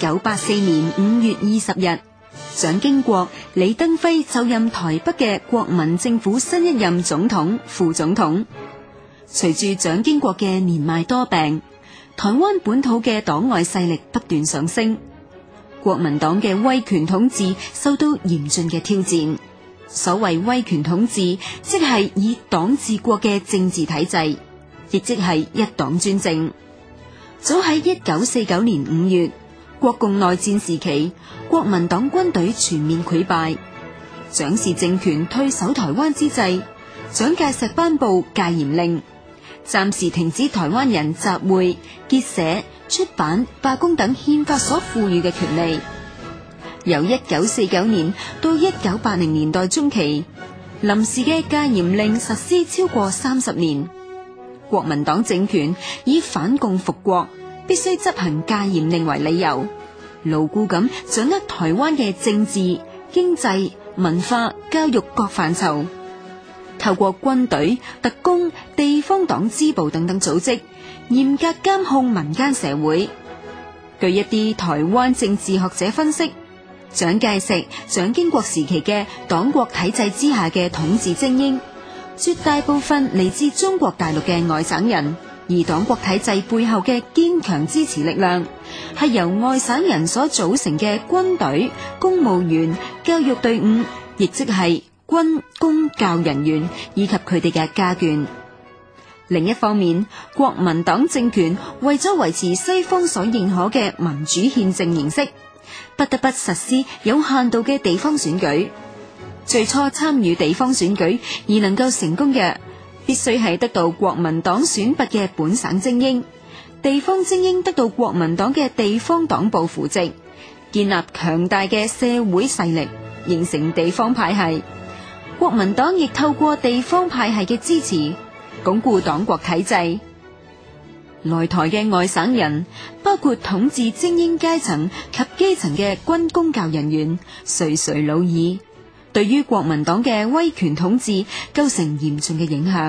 一九八四年五月二十日，蔣經國、李登輝就任台北嘅國民政府新一任總統、副總統。隨住蔣經國嘅年邁多病，台灣本土嘅黨外勢力不斷上升，國民黨嘅威權統治受到嚴峻嘅挑戰。所謂威權統治，即係以黨治國嘅政治體制，亦即係一黨專政。早喺一九四九年五月，國共內戰時期，國民黨軍隊全面潰敗，蔣氏政權退守台灣之際，蔣介石頒布戒嚴令，暫時停止台灣人集會、結社、出版、罷工等憲法所賦予嘅權利。由一九四九年到一九八零年代中期，臨時嘅戒嚴令實施超過三十年，國民黨政權以反共復國必須執行戒嚴令為理由。牢固咁掌握台灣嘅政治、經濟、文化、教育各範疇，透過軍隊、特工、地方黨支部等等組織，嚴格監控民間社會。據一啲台灣政治學者分析，蔣介石、蔣經國時期嘅黨國體制之下嘅統治精英，絕大部分嚟自中國大陸嘅外省人，而黨國體制背後嘅堅強支持力量，係由外省人所組成嘅軍隊、公務員、教育隊伍，亦即係軍公教人員，以及佢哋嘅家眷。另一方面，國民黨政權為咗維持西方所認可嘅民主憲政形式，不得不實施有限度嘅地方選舉。最初參與地方選舉而能夠成功嘅，必須係得到國民黨選拔嘅本省精英。地方精英得到國民黨嘅地方黨部扶植，建立強大嘅社會勢力，形成地方派系。國民黨亦透過地方派系嘅支持，鞏固黨國體制。來台嘅外省人，包括統治精英階層及基層嘅軍工教軍公教人員，垂垂老矣，對於國民黨嘅威權統治構成嚴重嘅影響。